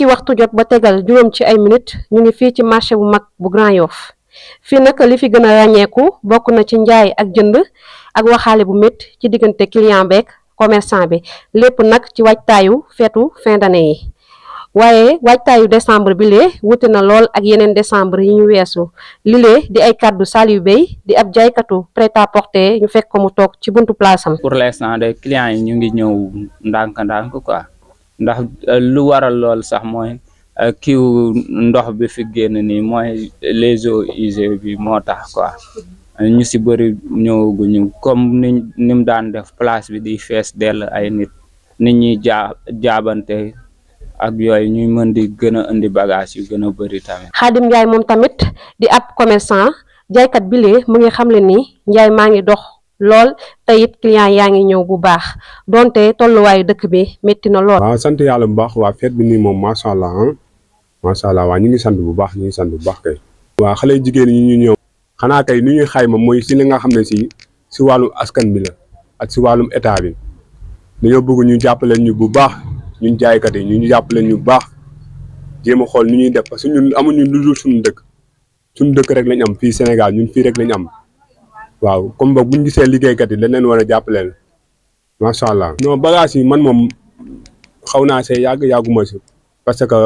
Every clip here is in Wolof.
ci waxtu jot ba tegal juróom ci ay minutes ñu ngi fii ci marché bu mag bu Grand Yoff fii nag li fi gën a ràññeeku bokk na ci njaay ak jënd ak waxaale bu métti ci diggante client beeg commerçant bi lépp nag ci waajtaayu feetu fin d'année yi waaye waajtaayu décembre bi lee wute na lool ak yeneen décembre yi ñu weesu lilee di ay kàddu yu Bey di ab jaaykatu prêt à porter ñu fekk ko mu toog ci buntu place pour l'instant de clients yi ñu ngi ñëw ndànk-ndànk quoi. ndax euh, lu waral lool sax mooy euh, kiw ndox bi fi génn ni mooy les eaux usées bi moo tax quoi ñu si bëri ñëwaguñu comme ni ni mu daan def place bi di fees dell ay nit nit ñuy jaa jaabante ak yooyu ñuy mën di gën a indi bagage yu gën a bëri tamit. Xaadim Njaay moom tamit di ab commerçant jaaykat bile mu ngi xamle ni Njaay maa ngi dox. lol tayit client ya ngi ñew bu baax donte way dekk bi metti na lol wa sante yalla bu baax wa fête bi mom ma sha allah ah. ma sha allah wa ñi ngi sante bu baax ñi ngi sante bu baax kay. wa xalé jigeen ñi ñu ñew xana kay ñu ñuy xayma moy ci li nga xam ci ci walu askan bi la ak ci wàllum état bi dañoo bëgg ñu jàppale ñu bu baax ñun kat yi ñu jàppale ñu baax jema xol ñu ñuy def parce que ñun amuñu lu dul suñu dekk suñu dekk rek lañ am fi Sénégal ñun fi rek lañ am. waaw comme ba ñu gisee liggéeykat yi dañ neen war a jàppaleel macha allah. non bagage yi man moom xaw naa see yàgg yàgguma si parce que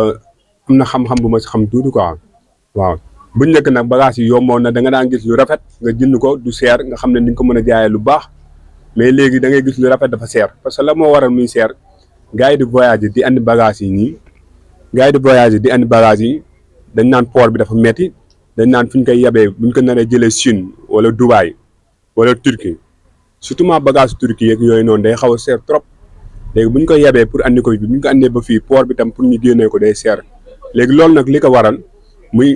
am na xam-xam bu ma si xam tuuti quoi waaw bu njëkk nag bagage yi yomboon na da nga daan gis lu rafet nga jënd ko du seer nga xam ne ni nga ko mën a jaayee lu baax mais léegi da ngay gis lu rafet dafa seer parce que la moo waral muy seer gars yi di voyage di andi bagage yi nii gars yi di voyage di andi bagage yi dañ naan port bi dafa metti dañ naan fu ñu koy yebee buñ ko naree jëlee Chine wala Dubaï. wala turki surtout ma bagage turki ak yoy non day xaw a trop legui buñ ko yebee pour andi ko bi buñ ko andee ba fi port bi tam pour ñu génnee ko day seer legui lool nak li waral muy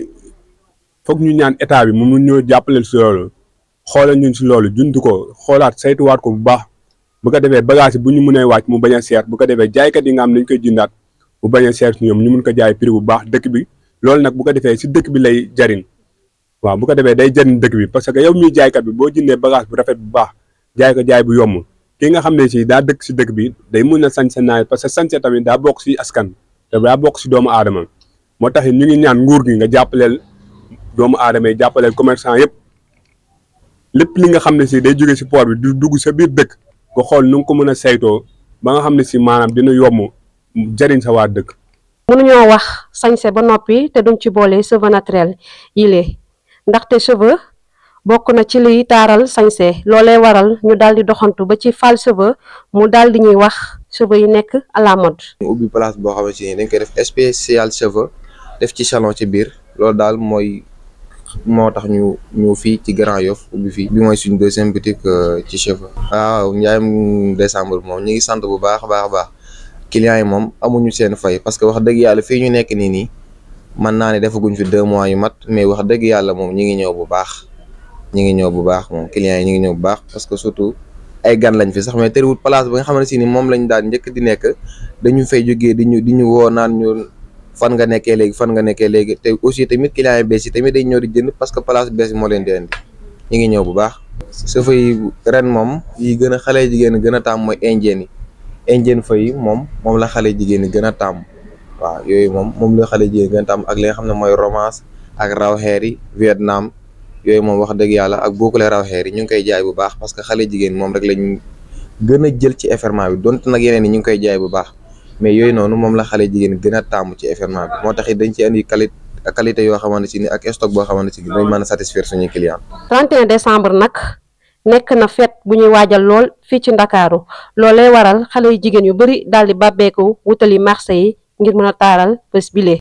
fokk ñu ñaan état bi mu ñu ñoo jàppaleel ci lool xolal ñu ci lool juntu ko saytu waat ko bu baax bu ko défé bagage bu ñu mu baña ser bu ko jaay ka di nga am nañ koy jëndaat mu baña ser seer si ñu mun ko jaay prix bu baax dëkk bi lool nak bu ko défé si dëkk bi lay jarine waaw bu ko defee day jëriñ dëkk bi parce que yow muy jaaykat bi boo jëndee bagage bu rafet bu baax jaay ko jaay bu yomb ki nga xam ne si daa dëkk si dëkk bi day mun a sañse parce que sañse tamit daa bokk si askan te daa bokk si doomu aadama moo tax ñu ngi ñaan nguur gi nga jàppaleel doomu aadama yi jàppaleel commerçant yëpp lépp li nga xam ne si day jóge si port bi du dugg sa biir dëkk nga xool nu nga ko mën a saytoo ba nga xam ne si maanaam dina yomb jëriñ sa waa dëkk. mënuñoo wax sañse ba noppi te duñ ci boole cheveux naturel yi ndaxte cheveux bokk na ci liy taaral sañse loolee waral ñu daal di doxantu ba ci fal cheveux mu daal di ñuy wax cheveux yi nekk à la mode. ñu ubbi place boo xamante ni dañ koy def spécial cheveux def ci salon ci biir loolu daal mooy moo tax ñu ñëw fii ci Grand Yoff ubbi fii bi mooy suñu deuxième boutique euh, ci cheveux. waaw njaayam décembre moom ñu ngi sant bu baax a baax a baax clients yi moom amuñu seen fay parce que wax dëgg yàlla fii ñu nekk nii nii. mën naa ne defaguñ fi deux mois yu mat mais wax dëgg yàlla moom ñi ngi ñëw bu baax ñi ngi ñëw bu baax moom clients ngi ñëw bu baax parce que surtout ay gan lañ fi sax mais tëriwut place ba nga xam ne si ni moom lañ daan njëkk di nekk dañu fay jógee di ñu di ñu woo naan ñu fan nga nekkee léegi fan nga nekkee léegi te aussi tamit clients yi bees yi tamit day ñëw di jënd parce que place bees moo leen di indi ñi ngi ñëw bu baax sa fay ren moom yi gën a xale jigéen gën a tàmm mooy indien yi indien fay moom moom la xale jigéen gën a tàmm waaw yooyu moom moom la xale jigéen gën xam ne mooy romance ak raw xeer yi Vietnam yooyu moom wax dëgg yàlla ak bokkule raw xeer yi ngi koy jaay bu baax parce que xale jigéen moom rek a jël ci événement bi donte nag yeneen yi ñu ngi koy jaay bu baax mais yooyu noonu moom la xale jigéen gën a taamu ci événement bi moo tax it dañ ci andi qualité qualité yoo si ni ak stock boo xamante ni dañ mën a satisfaire suñuy client 31 décembre nag nekk na fet bu ñuy waajal lool fii ci Ndakaaru loolu lay waral xale yu jigéen yu bëri daal di bàbbeeku wutali marché yi ngir mën a taaral bés bile.